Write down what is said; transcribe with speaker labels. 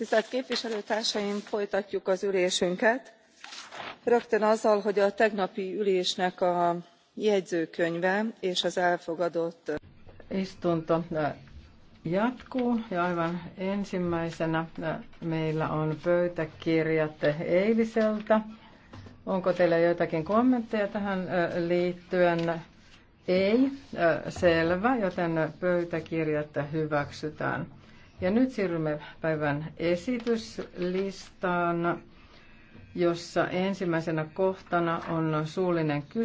Speaker 1: tisztelt képviselőtársaim folytatjuk az ülésünket rögtön azzal hogy a tegnapi ülésnek a jegyzőkönyve és az elfogadott. istunto
Speaker 2: jatkuu ja aivan ensimmäisenä meillä on pöytäkirjat eiliseltä. Onko teillä joitakin kommentteja tähän liittyen? Ei, selvä, joten pöytäkirjat hyväksytään. Ja nyt siirrymme päivän esityslistaan, jossa ensimmäisenä kohtana on
Speaker 3: suullinen kysymys.